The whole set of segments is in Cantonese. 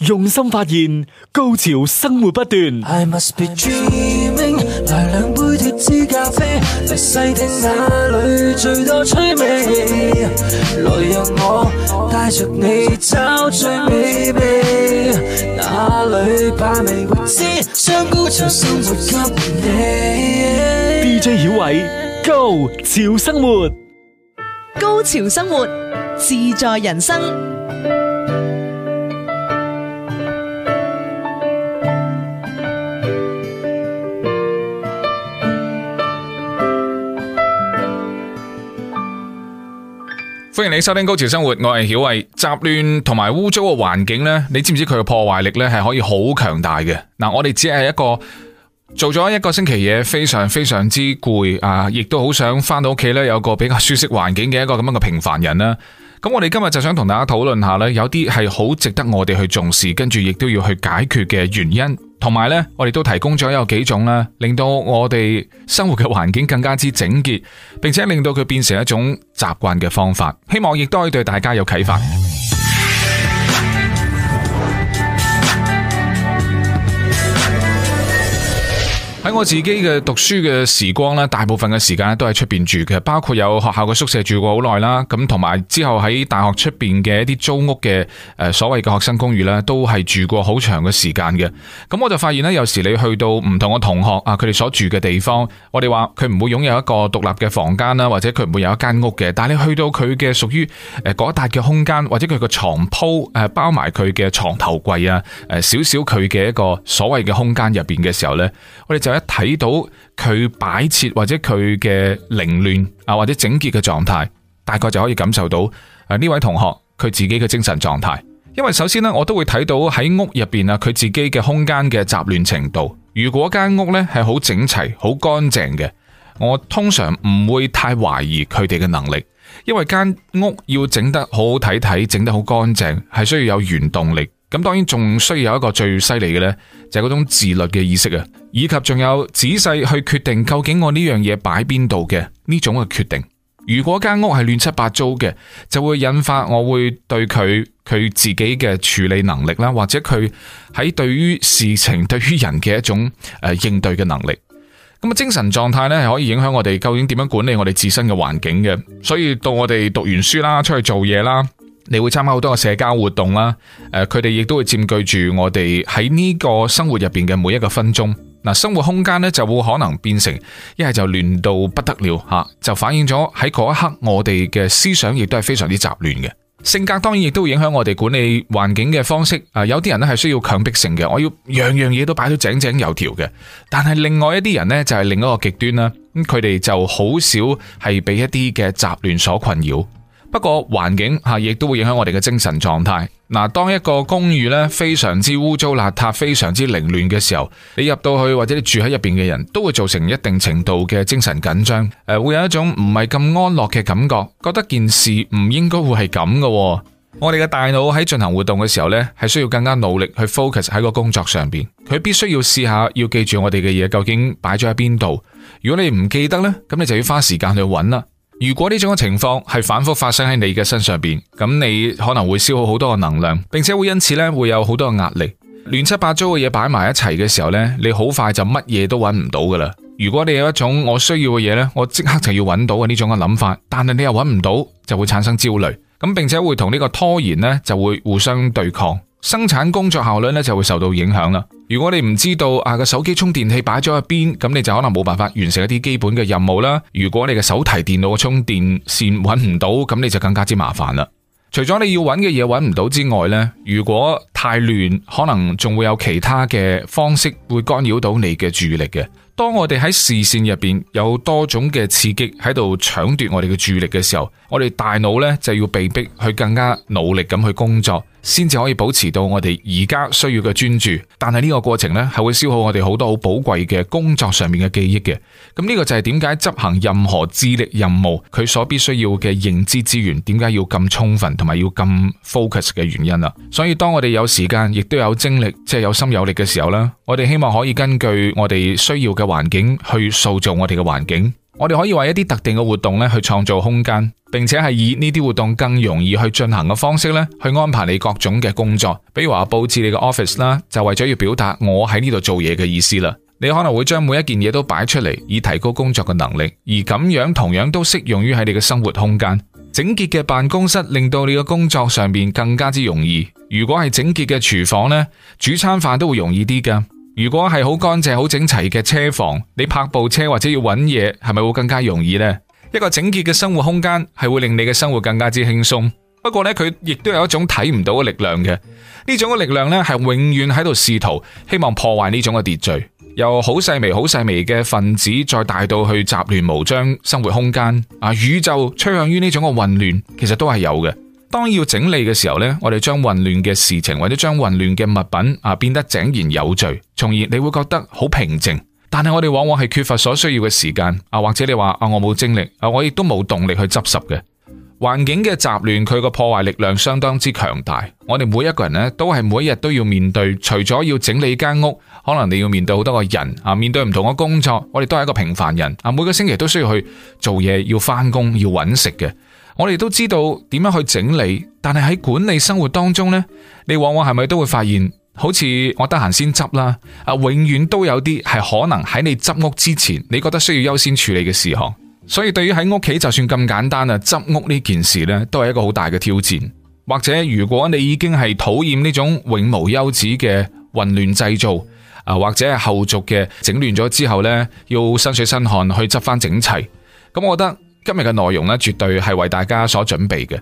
用心發現，高潮生活不斷。I must be dreaming，來兩杯脱脂咖啡，細聽那裏最多趣味。來讓我帶着你找最美味，baby, 哪裏把味未知，將高潮生活給你。DJ 小偉，Go，潮生活，高潮生活自在人生。歡迎你收聽《高潮生活》，我係曉慧。雜亂同埋污糟嘅環境呢，你知唔知佢嘅破壞力呢係可以好強大嘅？嗱、嗯，我哋只係一個做咗一個星期嘢，非常非常之攰啊！亦都好想翻到屋企呢，有個比較舒適環境嘅一個咁樣嘅平凡人啦。咁我哋今日就想同大家討論下呢，有啲係好值得我哋去重視，跟住亦都要去解決嘅原因。同埋咧，我哋都提供咗有幾種啦，令到我哋生活嘅環境更加之整潔，並且令到佢變成一種習慣嘅方法。希望亦都可以對大家有啟發。喺我自己嘅讀書嘅時光咧，大部分嘅時間咧都喺出邊住嘅，包括有學校嘅宿舍住過好耐啦，咁同埋之後喺大學出邊嘅一啲租屋嘅，誒所謂嘅學生公寓咧，都係住過好長嘅時間嘅。咁我就發現呢，有時你去到唔同嘅同學啊，佢哋所住嘅地方，我哋話佢唔會擁有一個獨立嘅房間啦，或者佢唔會有一間屋嘅。但係你去到佢嘅屬於誒嗰一笪嘅空間，或者佢個床鋪誒、啊、包埋佢嘅床頭櫃啊，誒少少佢嘅一個所謂嘅空間入邊嘅時候呢，我哋就～一睇到佢擺設或者佢嘅凌亂啊，或者整潔嘅狀態，大概就可以感受到誒呢位同學佢自己嘅精神狀態。因為首先呢，我都會睇到喺屋入邊啊佢自己嘅空間嘅雜亂程度。如果間屋呢係好整齊、好乾淨嘅，我通常唔會太懷疑佢哋嘅能力，因為間屋要整得好好睇睇，整得好乾淨，係需要有原動力。咁當然仲需要有一個最犀利嘅呢，就係嗰種自律嘅意識啊，以及仲有仔細去決定究竟我呢樣嘢擺邊度嘅呢種嘅決定。如果間屋係亂七八糟嘅，就會引發我會對佢佢自己嘅處理能力啦，或者佢喺對於事情、對於人嘅一種誒、呃、應對嘅能力。咁啊，精神狀態呢，係可以影響我哋究竟點樣管理我哋自身嘅環境嘅。所以到我哋讀完書啦，出去做嘢啦。你會參加好多嘅社交活動啦，誒，佢哋亦都會佔據住我哋喺呢個生活入邊嘅每一個分鐘。嗱，生活空間呢就會可能變成一係就亂到不得了吓，就反映咗喺嗰一刻我哋嘅思想亦都係非常之雜亂嘅。性格當然亦都影響我哋管理環境嘅方式。誒，有啲人咧係需要強迫性嘅，我要樣樣嘢都擺到井井有條嘅。但係另外一啲人呢，就係另一個極端啦，咁佢哋就好少係被一啲嘅雜亂所困擾。不過環境吓，亦都會影響我哋嘅精神狀態。嗱，當一個公寓咧非常之污糟邋遢，非常之凌亂嘅時候，你入到去或者你住喺入邊嘅人都會造成一定程度嘅精神緊張。誒，會有一種唔係咁安樂嘅感覺，覺得件事唔應該會係咁噶。我哋嘅大腦喺進行活動嘅時候呢，係需要更加努力去 focus 喺個工作上邊。佢必須要試下要記住我哋嘅嘢究竟擺咗喺邊度。如果你唔記得呢，咁你就要花時間去揾啦。如果呢種情況係反覆發生喺你嘅身上邊，咁你可能會消耗好多嘅能量，並且會因此呢會有好多嘅壓力。亂七八糟嘅嘢擺埋一齊嘅時候呢，你好快就乜嘢都揾唔到㗎喇。如果你有一種我需要嘅嘢咧，我即刻就要揾到嘅呢種嘅諗法，但係你又揾唔到，就會產生焦慮。咁並且會同呢個拖延呢，就會互相對抗。生產工作效率咧就會受到影響啦。如果你唔知道啊個手機充電器擺咗喺邊，咁你就可能冇辦法完成一啲基本嘅任務啦。如果你嘅手提電腦嘅充電線揾唔到，咁你就更加之麻煩啦。除咗你要揾嘅嘢揾唔到之外呢，如果太亂，可能仲會有其他嘅方式會干擾到你嘅注意力嘅。當我哋喺視線入邊有多種嘅刺激喺度搶奪我哋嘅注意力嘅時候，我哋大腦呢就要被迫去更加努力咁去工作，先至可以保持到我哋而家需要嘅專注。但係呢個過程呢，係會消耗我哋好多好寶貴嘅工作上面嘅記憶嘅。咁呢個就係點解執行任何智力任務佢所必須要嘅認知資源點解要咁充分同埋要咁 focus 嘅原因啦。所以當我哋有時間亦都有精力，即係有心有力嘅時候呢，我哋希望可以根據我哋需要嘅環境去塑造我哋嘅環境，我哋可以為一啲特定嘅活動咧去創造空間，並且係以呢啲活動更容易去進行嘅方式咧去安排你各種嘅工作。比如話布置你嘅 office 啦,就為咗要表達我喺呢度做嘢嘅意思啦。你可能會將每一件嘢都擺出嚟，以提高工作嘅能力。而咁樣同樣都適用於喺你嘅生活空間。整潔嘅辦公室令到你嘅工作上面更加之容易。如果係整潔嘅廚房咧，煮餐飯都會容易啲㗎。如果係好乾淨、好整齊嘅車房，你泊部車或者要揾嘢，係咪會更加容易呢？一個整潔嘅生活空間係會令你嘅生活更加之輕鬆。不過呢，佢亦都有一種睇唔到嘅力量嘅。呢種嘅力量呢，係永遠喺度試圖希望破壞呢種嘅秩序，由好細微、好細微嘅分子再大到去雜亂無章生活空間啊，宇宙趨向於呢種嘅混亂，其實都係有嘅。當要整理嘅時候呢，我哋將混亂嘅事情或者將混亂嘅物品啊，變得井然有序，從而你會覺得好平靜。但係我哋往往係缺乏所需要嘅時間啊，或者你話啊，我冇精力啊，我亦都冇動力去執拾嘅。環境嘅雜亂，佢個破壞力量相當之強大。我哋每一個人呢，都係每一日都要面對，除咗要整理間屋，可能你要面對好多個人啊，面對唔同嘅工作。我哋都係一個平凡人啊，每個星期都需要去做嘢，要翻工，要揾食嘅。我哋都知道點樣去整理，但係喺管理生活當中呢，你往往係咪都會發現，好似我得閒先執啦，啊，永遠都有啲係可能喺你執屋之前，你覺得需要優先處理嘅事項。所以對於喺屋企就算咁簡單啦，執屋呢件事呢，都係一個好大嘅挑戰。或者如果你已經係討厭呢種永無休止嘅混亂製造，啊，或者係後續嘅整亂咗之後呢，要身水身汗去執返整齊，咁、嗯、我覺得。今日嘅內容咧，絕對係為大家所準備嘅。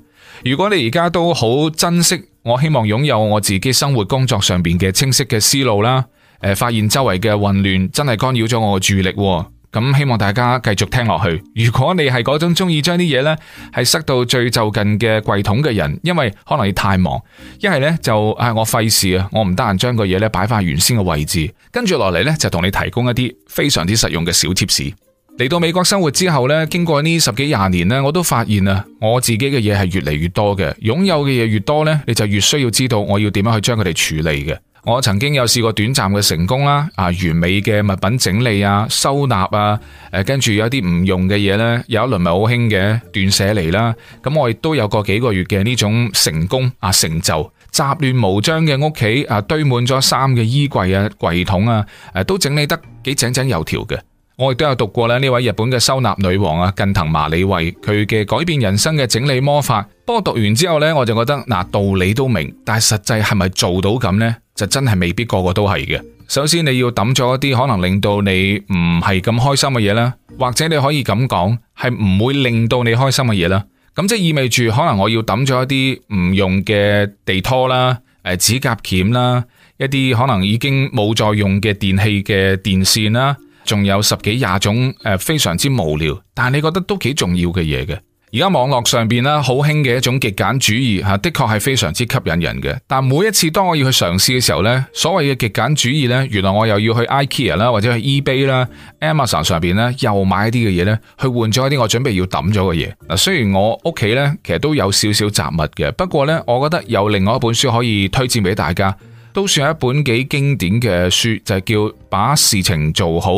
如果你而家都好珍惜，我希望擁有我自己生活工作上邊嘅清晰嘅思路啦。誒、呃，發現周圍嘅混亂真係乾擾咗我嘅注意力。咁、呃，希望大家繼續聽落去。如果你係嗰種中意將啲嘢呢係塞到最就近嘅櫃桶嘅人，因為可能你太忙，一係呢就誒我費事啊，我唔得閒將個嘢呢擺翻原先嘅位置。跟住落嚟呢，就同你提供一啲非常之實用嘅小貼士。嚟到美國生活之後咧，經過呢十幾廿年咧，我都發現啊，我自己嘅嘢係越嚟越多嘅，擁有嘅嘢越多咧，你就越需要知道我要點樣去將佢哋處理嘅。我曾經有試過短暫嘅成功啦，啊，完美嘅物品整理啊、收納啊，跟住有啲唔用嘅嘢呢，有一,一輪咪好興嘅斷捨離啦。咁我亦都有過幾個月嘅呢種成功啊成就，雜亂無章嘅屋企啊，堆滿咗衫嘅衣櫃啊、櫃桶啊，都整理得幾井井有條嘅。我亦都有讀過咧呢位日本嘅收納女王啊，近藤麻理惠佢嘅改變人生嘅整理魔法。不過讀完之後呢，我就覺得嗱，道理都明，但係實際係咪做到咁呢，就真係未必個個都係嘅。首先你要抌咗一啲可能令到你唔係咁開心嘅嘢啦，或者你可以咁講，係唔會令到你開心嘅嘢啦。咁即係意味住可能我要抌咗一啲唔用嘅地拖啦、指甲鉗啦、一啲可能已經冇再用嘅電器嘅電線啦。仲有十幾廿種誒，非常之無聊，但係你覺得都幾重要嘅嘢嘅。而家網絡上邊啦，好興嘅一種極簡主義吓，的確係非常之吸引人嘅。但每一次當我要去嘗試嘅時候呢，所謂嘅極簡主義呢，原來我又要去 IKEA 啦，或者去 eBay 啦、Amazon 上邊呢，又買啲嘅嘢呢，去換咗一啲我準備要抌咗嘅嘢。嗱，雖然我屋企呢，其實都有少少雜物嘅，不過呢，我覺得有另外一本書可以推薦俾大家，都算係一本幾經典嘅書，就係叫《把事情做好》。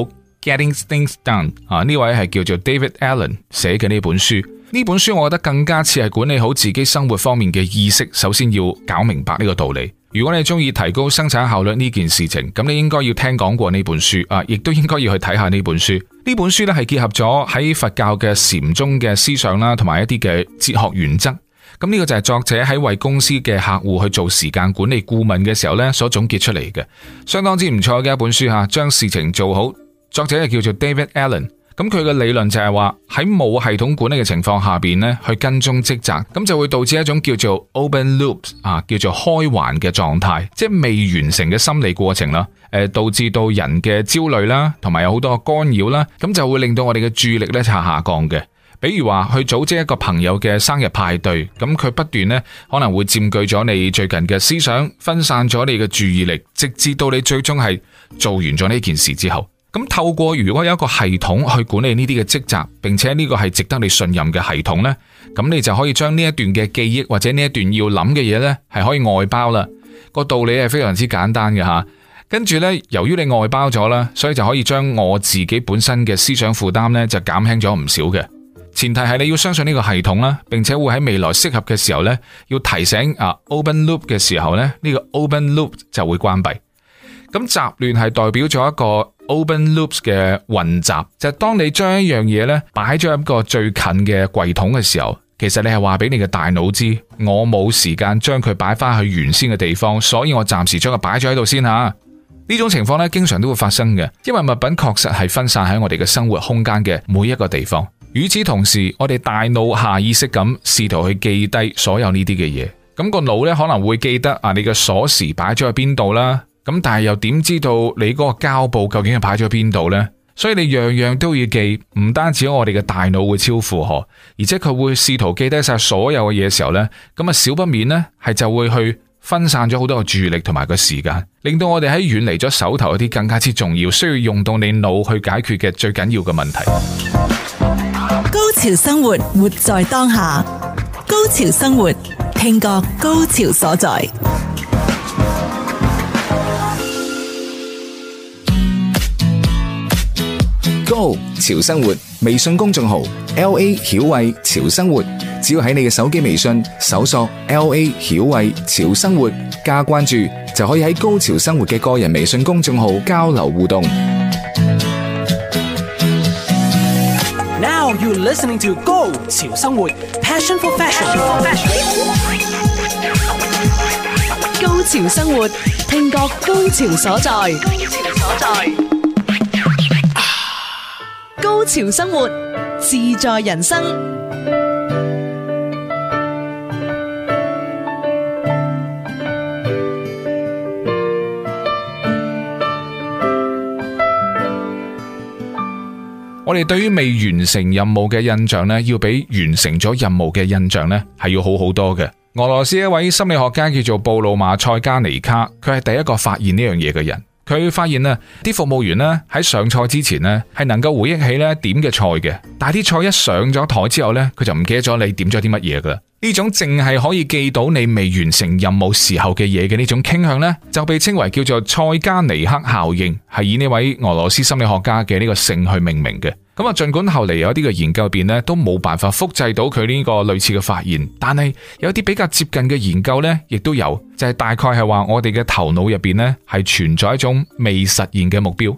Getting things done 啊，呢位係叫做 David Allen 寫嘅呢本書。呢本書我覺得更加似係管理好自己生活方面嘅意識。首先要搞明白呢個道理。如果你中意提高生產效率呢件事情，咁你應該要聽講過呢本書啊，亦都應該要去睇下呢本書。呢本書咧係結合咗喺佛教嘅禪宗嘅思想啦，同埋一啲嘅哲學原則。咁呢個就係作者喺為公司嘅客戶去做時間管理顧問嘅時候咧所總結出嚟嘅，相當之唔錯嘅一本書吓，啊。將事情做好。作者又叫做 David Allen，咁佢嘅理論就係話喺冇系統管理嘅情況下邊咧，去跟蹤職責咁就會導致一種叫做 open loops 啊，叫做開環嘅狀態，即係未完成嘅心理過程啦。誒，導致到人嘅焦慮啦，同埋有好多干擾啦，咁就會令到我哋嘅注意力咧係下降嘅。比如話去組織一個朋友嘅生日派對，咁佢不斷咧可能會佔據咗你最近嘅思想，分散咗你嘅注意力，直至到你最終係做完咗呢件事之後。咁透過如果有一個系統去管理呢啲嘅職責，並且呢個係值得你信任嘅系統呢，咁你就可以將呢一段嘅記憶或者呢一段要諗嘅嘢呢，係可以外包啦。個道理係非常之簡單嘅吓。跟住呢，由於你外包咗啦，所以就可以將我自己本身嘅思想負擔呢，就減輕咗唔少嘅。前提係你要相信呢個系統啦，並且會喺未來適合嘅時候呢，要提醒啊、uh, open loop 嘅時候呢，呢、呢個 open loop 就會關閉。咁雜亂係代表咗一個。Open loops 嘅混雜，就係、是、當你將一樣嘢咧擺咗喺一個最近嘅櫃桶嘅時候，其實你係話俾你嘅大腦知，我冇時間將佢擺翻去原先嘅地方，所以我暫時將佢擺咗喺度先吓。呢種情況咧，經常都會發生嘅，因為物品確實係分散喺我哋嘅生活空間嘅每一個地方。與此同時，我哋大腦下意識咁試圖去記低所有呢啲嘅嘢。咁、那個腦咧可能會記得啊，你嘅鎖匙擺咗喺邊度啦。咁但係又點知道你嗰個膠布究竟係擺咗邊度呢？所以你樣樣都要記，唔單止我哋嘅大腦會超負荷，而且佢會試圖記低晒所有嘅嘢嘅時候呢，咁啊少不免呢，係就會去分散咗好多嘅注意力同埋個時間，令到我哋喺遠離咗手頭一啲更加之重要需要用到你腦去解決嘅最緊要嘅問題。高潮生活，活在當下。高潮生活，聽覺高潮所在。Go 潮生活微信公眾號 L A 曉慧潮生活。只要喺你嘅手機微信搜索 L A 曉慧潮生活加關注，就可以喺高潮生活嘅個人微信公眾號交流互動。Now you're listening to Go 潮生活，Passion for fashion。高潮生活，聽覺高潮所在。高潮所在。高潮生活，自在人生。我哋對於未完成任務嘅印象咧，要比完成咗任務嘅印象咧，係要好好多嘅。俄羅斯一位心理學家叫做布魯馬塞加尼卡，佢係第一個發現呢樣嘢嘅人。佢發現呢，啲服務員呢，喺上菜之前呢，係能夠回憶起呢點嘅菜嘅，但係啲菜一上咗台之後呢，佢就唔記得咗你點咗啲乜嘢噶啦。呢種淨係可以記到你未完成任務時候嘅嘢嘅呢種傾向呢，就被稱為叫做蔡加尼克效應，係以呢位俄羅斯心理學家嘅呢個姓去命名嘅。咁啊，儘管後嚟有啲嘅研究入邊咧，都冇辦法複製到佢呢個類似嘅發現，但係有啲比較接近嘅研究呢，亦都有，就係、是、大概係話我哋嘅頭腦入邊呢，係存在一種未實現嘅目標。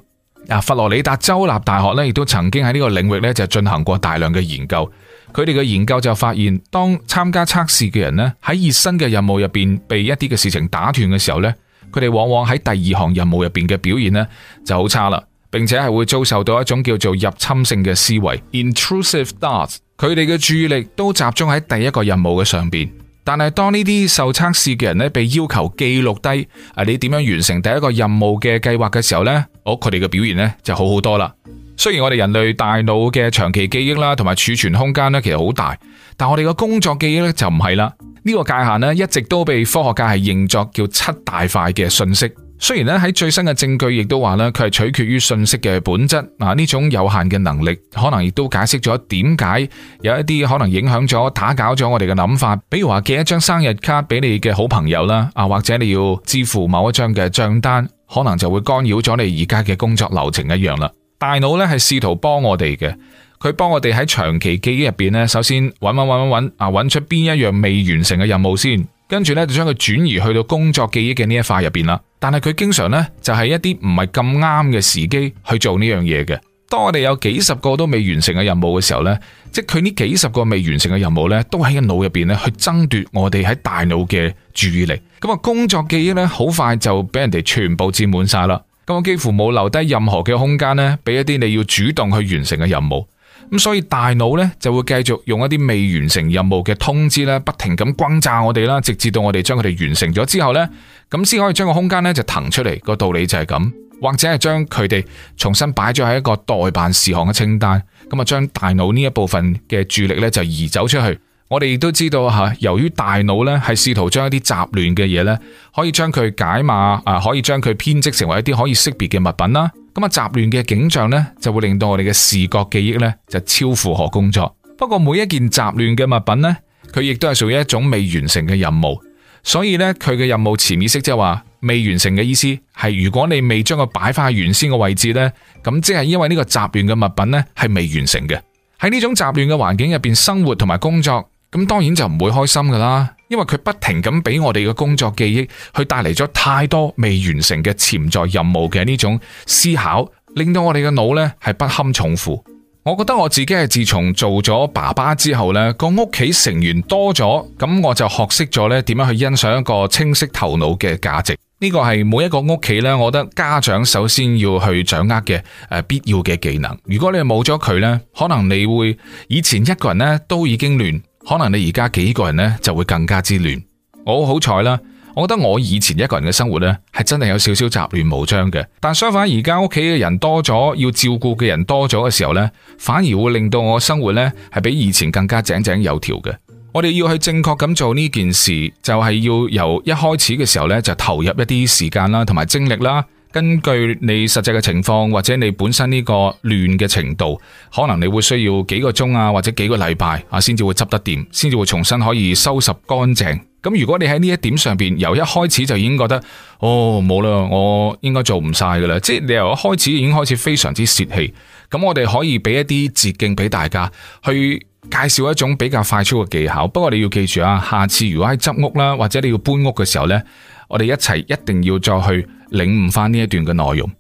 啊，佛羅里達州立大學呢，亦都曾經喺呢個領域呢，就進行過大量嘅研究。佢哋嘅研究就發現，當參加測試嘅人呢，喺熱身嘅任務入邊被一啲嘅事情打斷嘅時候呢，佢哋往往喺第二項任務入邊嘅表現呢，就好差啦。並且係會遭受到一種叫做入侵性嘅思維 （intrusive thoughts）。佢哋嘅注意力都集中喺第一個任務嘅上邊。但係當呢啲受測試嘅人咧，被要求記錄低啊，你點樣完成第一個任務嘅計劃嘅時候呢，我佢哋嘅表現咧，就好好多啦。雖然我哋人類大腦嘅長期記憶啦，同埋儲存空間呢，其實好大，但我哋嘅工作記憶呢就唔係啦。呢個界限呢，一直都被科學界係認作叫七大塊嘅信息。雖然咧喺最新嘅證據亦都話咧，佢係取決於信息嘅本質。嗱，呢種有限嘅能力可能亦都解釋咗點解有一啲可能影響咗打攪咗我哋嘅諗法，比如話寄一張生日卡俾你嘅好朋友啦，啊或者你要支付某一張嘅賬單，可能就會干擾咗你而家嘅工作流程一樣啦。大腦咧係試圖幫我哋嘅，佢幫我哋喺長期記憶入邊呢，首先揾揾揾揾揾啊揾出邊一樣未完成嘅任務先，跟住呢，就將佢轉移去到工作記憶嘅呢一塊入邊啦。但係佢經常呢，就係一啲唔係咁啱嘅時機去做呢樣嘢嘅。當我哋有幾十個都未完成嘅任務嘅時候呢，即係佢呢幾十個未完成嘅任務呢，都喺個腦入邊呢去爭奪我哋喺大腦嘅注意力。咁啊工作記憶呢，好快就俾人哋全部佔滿晒啦。咁我幾乎冇留低任何嘅空間呢，俾一啲你要主動去完成嘅任務。咁所以大腦呢就會繼續用一啲未完成任務嘅通知呢，不停咁轟炸我哋啦，直至到我哋將佢哋完成咗之後呢，咁先可以將個空間呢就騰出嚟。個道理就係咁，或者係將佢哋重新擺咗喺一個待辦事項嘅清單。咁啊，將大腦呢一部分嘅注意力呢就移走出去。我哋亦都知道吓，由於大腦呢係試圖將一啲雜亂嘅嘢呢，可以將佢解碼，啊，可以將佢編織成為一啲可以識別嘅物品啦。咁啊，雜亂嘅景象咧，就會令到我哋嘅視覺記憶咧，就超負荷工作。不過每一件雜亂嘅物品咧，佢亦都係屬於一種未完成嘅任務。所以咧，佢嘅任務潛意識即係話未完成嘅意思係，如果你未將佢擺翻去原先嘅位置咧，咁即係因為呢個雜亂嘅物品咧係未完成嘅。喺呢種雜亂嘅環境入邊生活同埋工作，咁當然就唔會開心噶啦，因為佢不停咁俾我哋嘅工作記憶，佢帶嚟咗太多未完成嘅潛在任務嘅呢種思考，令到我哋嘅腦呢係不堪重負。我覺得我自己係自從做咗爸爸之後呢，個屋企成員多咗，咁我就學識咗呢點樣去欣賞一個清晰頭腦嘅價值。呢個係每一個屋企呢，我覺得家長首先要去掌握嘅誒必要嘅技能。如果你冇咗佢呢，可能你會以前一個人呢都已經亂。可能你而家幾個人呢就會更加之亂。我好彩啦，我覺得我以前一個人嘅生活呢係真係有少少雜亂無章嘅。但相反，而家屋企嘅人多咗，要照顧嘅人多咗嘅時候呢，反而會令到我生活呢係比以前更加井井有條嘅。我哋要去正確咁做呢件事，就係要由一開始嘅時候呢就投入一啲時間啦，同埋精力啦。根據你實際嘅情況，或者你本身呢個亂嘅程度，可能你會需要幾個鐘啊，或者幾個禮拜啊，先至會執得掂，先至會重新可以收拾乾淨。咁如果你喺呢一點上邊，由一開始就已經覺得哦，冇啦，我應該做唔晒噶啦，即係你由一開始已經開始非常之洩氣。咁我哋可以俾一啲捷徑俾大家，去介紹一種比較快速嘅技巧。不過你要記住啊，下次如果喺執屋啦，或者你要搬屋嘅時候呢。我哋一齊一定要再去領悟翻呢一段嘅內容。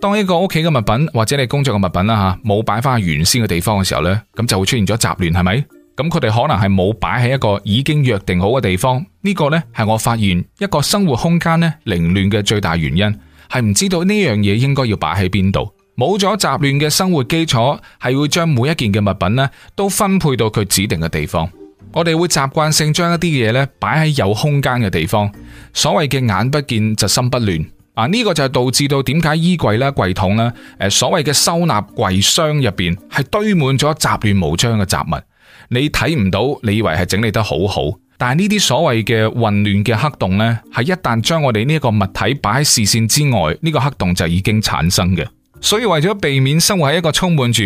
當一個屋企嘅物品或者你工作嘅物品啦吓，冇擺翻去原先嘅地方嘅時候呢，咁就會出現咗雜亂，係咪？咁佢哋可能係冇擺喺一個已經約定好嘅地方。呢個呢係我發現一個生活空間咧凌亂嘅最大原因，係唔知道呢樣嘢應該要擺喺邊度。冇咗雜亂嘅生活基礎，係會將每一件嘅物品咧都分配到佢指定嘅地方。我哋會習慣性將一啲嘢咧擺喺有空間嘅地方，所謂嘅眼不見就心不亂，啊呢個就係導致到點解衣櫃啦、櫃桶啦、誒、呃、所謂嘅收納櫃箱入邊係堆滿咗雜亂無章嘅雜物，你睇唔到，你以為係整理得好好，但係呢啲所謂嘅混亂嘅黑洞咧，係一旦將我哋呢個物體擺喺視線之外，呢個黑洞就已經產生嘅。所以為咗避免生活喺一個充滿住。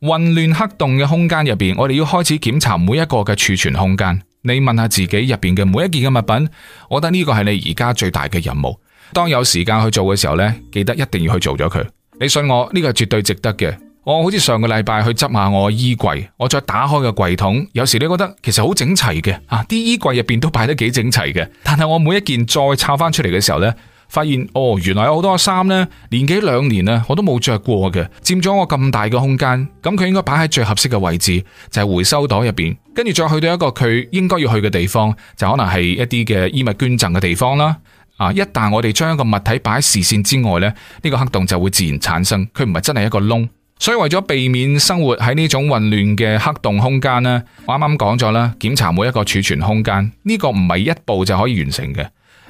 混亂黑洞嘅空間入邊，我哋要開始檢查每一個嘅儲存空間。你問下自己入邊嘅每一件嘅物品，我覺得呢個係你而家最大嘅任務。當有時間去做嘅時候呢，記得一定要去做咗佢。你信我，呢個係絕對值得嘅。我好似上個禮拜去執下我衣櫃，我再打開個櫃桶，有時你覺得其實好整齊嘅，吓、啊、啲衣櫃入邊都擺得幾整齊嘅。但係我每一件再抄翻出嚟嘅時候呢。發現哦，原來有好多衫呢，年幾兩年啦，我都冇着過嘅，佔咗我咁大嘅空間。咁佢應該擺喺最合適嘅位置，就係回收袋入邊。跟住再去到一個佢應該要去嘅地方，就可能係一啲嘅衣物捐贈嘅地方啦。啊，一旦我哋將一個物體擺喺視線之外呢，呢個黑洞就會自然產生。佢唔係真係一個窿，所以為咗避免生活喺呢種混亂嘅黑洞空間呢，我啱啱講咗啦，檢查每一個儲存空間，呢個唔係一步就可以完成嘅。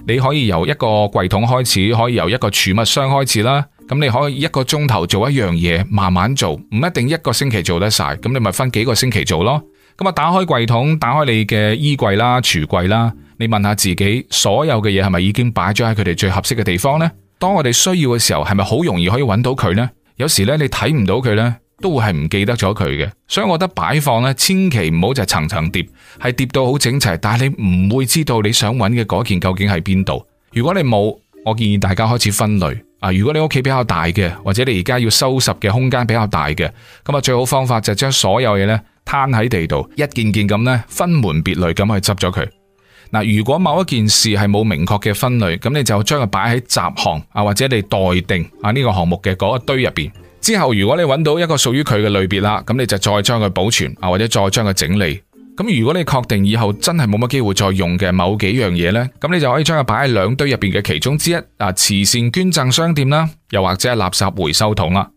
你可以由一個櫃桶開始，可以由一個儲物箱開始啦。咁你可以一個鐘頭做一樣嘢，慢慢做，唔一定一個星期做得晒。咁你咪分幾個星期做咯。咁啊，打開櫃桶，打開你嘅衣櫃啦、櫥櫃啦，你問下自己，所有嘅嘢係咪已經擺咗喺佢哋最合適嘅地方呢？當我哋需要嘅時候，係咪好容易可以揾到佢呢？有時咧，你睇唔到佢呢。都會係唔記得咗佢嘅，所以我覺得擺放呢，千祈唔好就層層疊，係疊到好整齊，但係你唔會知道你想揾嘅嗰件究竟喺邊度。如果你冇，我建議大家開始分類啊。如果你屋企比較大嘅，或者你而家要收拾嘅空間比較大嘅，咁啊最好方法就將所有嘢呢攤喺地度，一件件咁呢分門別類咁去執咗佢。嗱，如果某一件事係冇明確嘅分類，咁你就將佢擺喺雜項啊，或者你待定啊呢個項目嘅嗰一堆入邊。之後如果你揾到一個屬於佢嘅類別啦，咁你就再將佢保存啊，或者再將佢整理。咁如果你確定以後真係冇乜機會再用嘅某幾樣嘢呢，咁你就可以將佢擺喺兩堆入邊嘅其中之一啊，慈善捐贈商店啦，又或者係垃圾回收桶啦。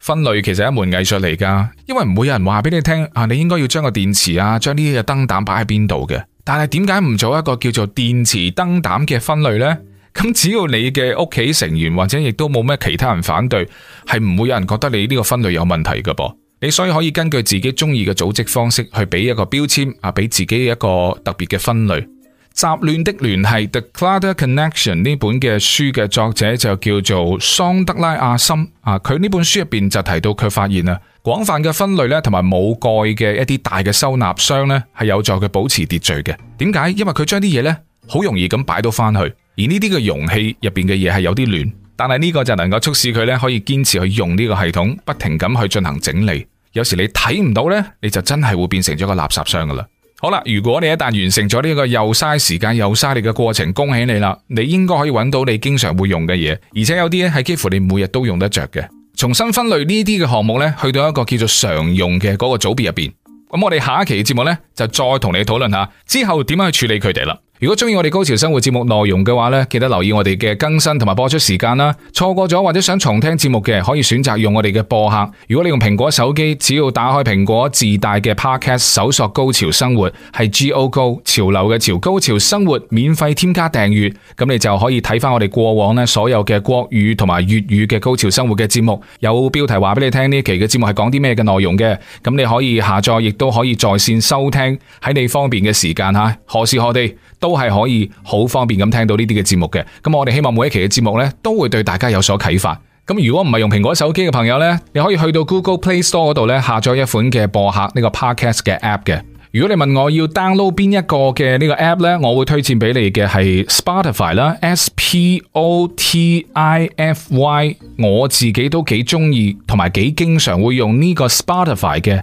分類其實係一門藝術嚟噶，因為唔會有人話俾你聽啊，你應該要將個電池啊，將呢啲嘅燈膽擺喺邊度嘅。但係點解唔做一個叫做電池燈膽嘅分類呢？咁只要你嘅屋企成員或者亦都冇咩其他人反對，係唔會有人覺得你呢個分類有問題噶噃。你所以可以根據自己中意嘅組織方式去俾一個標籤啊，俾自己一個特別嘅分類。雜亂的聯繫 The Clutter Connection 呢本嘅書嘅作者就叫做桑德拉亞森啊，佢呢本書入邊就提到，佢發現啊。廣泛嘅分類咧，同埋冇蓋嘅一啲大嘅收納箱咧，係有助佢保持秩序嘅。點解？因為佢將啲嘢咧好容易咁擺到翻去，而呢啲嘅容器入邊嘅嘢係有啲亂。但係呢個就能夠促使佢咧可以堅持去用呢個系統，不停咁去進行整理。有時你睇唔到咧，你就真係會變成咗個垃圾箱噶啦。好啦，如果你一旦完成咗呢個又嘥時間又嘥力嘅過程，恭喜你啦！你應該可以揾到你經常會用嘅嘢，而且有啲咧係幾乎你每日都用得着嘅。重新分類呢啲嘅項目呢，去到一個叫做常用嘅嗰個組別入邊。咁我哋下一期節目呢，就再同你討論下之後點樣去處理佢哋喇。如果中意我哋高潮生活節目內容嘅話呢，記得留意我哋嘅更新同埋播出時間啦。錯過咗或者想重聽節目嘅，可以選擇用我哋嘅播客。如果你用蘋果手機，只要打開蘋果自帶嘅 Podcast，搜索“高潮生活”，係 Go Go 潮流嘅潮高潮生活，免費添加訂閱，咁你就可以睇翻我哋過往呢所有嘅國語同埋粵語嘅高潮生活嘅節目，有標題話俾你聽呢期嘅節目係講啲咩嘅內容嘅。咁你可以下載，亦都可以在線收聽，喺你方便嘅時間吓，何時何地。都係可以好方便咁聽到呢啲嘅節目嘅，咁我哋希望每一期嘅節目呢，都會對大家有所啟發。咁如果唔係用蘋果手機嘅朋友呢，你可以去到 Google Play Store 嗰度呢，下載一款嘅播客呢個 Podcast 嘅 App 嘅。如果你問我要 download 邊一個嘅呢個 App 呢，我會推薦俾你嘅係 Spotify 啦，S P O T I F Y。我自己都幾中意，同埋幾經常會用呢個 Spotify 嘅。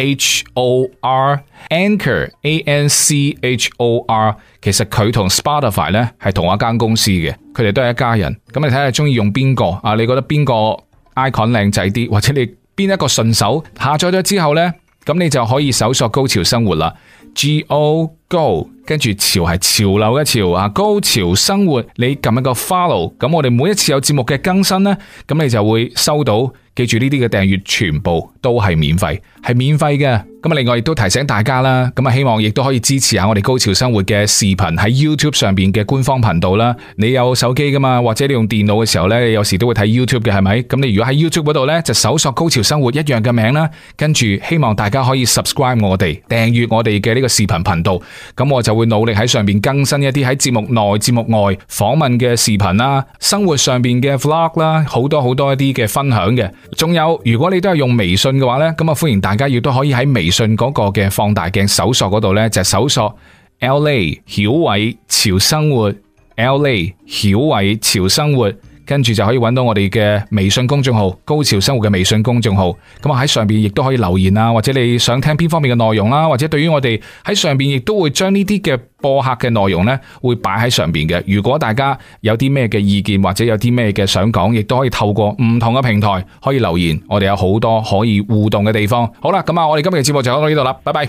H O R Anchor A N C H O R，其實佢同 Spotify 咧係同一間公司嘅，佢哋都係一家人。咁你睇下中意用邊個啊？你覺得邊個 icon 靚仔啲，或者你邊一個順手下載咗之後呢？咁你就可以搜索高潮生活啦。G O Go，跟住潮係潮流嘅潮啊，高潮生活你撳一個 follow，咁我哋每一次有節目嘅更新呢，咁你就會收到。記住呢啲嘅訂閱全部都係免費，係免費嘅。咁另外亦都提醒大家啦，咁啊，希望亦都可以支持下我哋高潮生活嘅視頻喺 YouTube 上邊嘅官方頻道啦。你有手機噶嘛？或者你用電腦嘅時候咧，有時都會睇 YouTube 嘅，係咪？咁你如果喺 YouTube 度咧，就搜索「高潮生活」一樣嘅名啦。跟住，希望大家可以 subscribe 我哋訂閱我哋嘅呢個視頻頻道。咁我就會努力喺上邊更新一啲喺節目內、節目外訪問嘅視頻啦、生活上邊嘅 vlog 啦，好多好多一啲嘅分享嘅。仲有，如果你都係用微信嘅話咧，咁啊，歡迎大家亦都可以喺微微信嗰個嘅放大鏡搜索嗰度咧，就是，搜索 LA 曉偉潮生活，LA 曉偉潮生活。LA, 跟住就可以揾到我哋嘅微信公眾號《高潮生活》嘅微信公眾號，咁啊喺上邊亦都可以留言啊，或者你想聽邊方面嘅內容啦，或者對於我哋喺上邊亦都會將呢啲嘅播客嘅內容咧，會擺喺上邊嘅。如果大家有啲咩嘅意見或者有啲咩嘅想講，亦都可以透過唔同嘅平台可以留言。我哋有好多可以互動嘅地方。好啦，咁啊，我哋今日嘅節目就講到呢度啦，拜拜。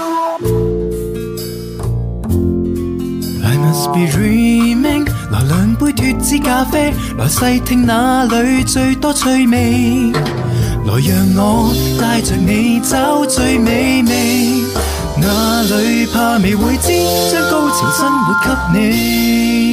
Must be dreaming. 來兩杯脫脂咖啡，來細聽哪裏最多趣味。來讓我帶着你找最美味，哪裏怕未會知，將高潮生活給你。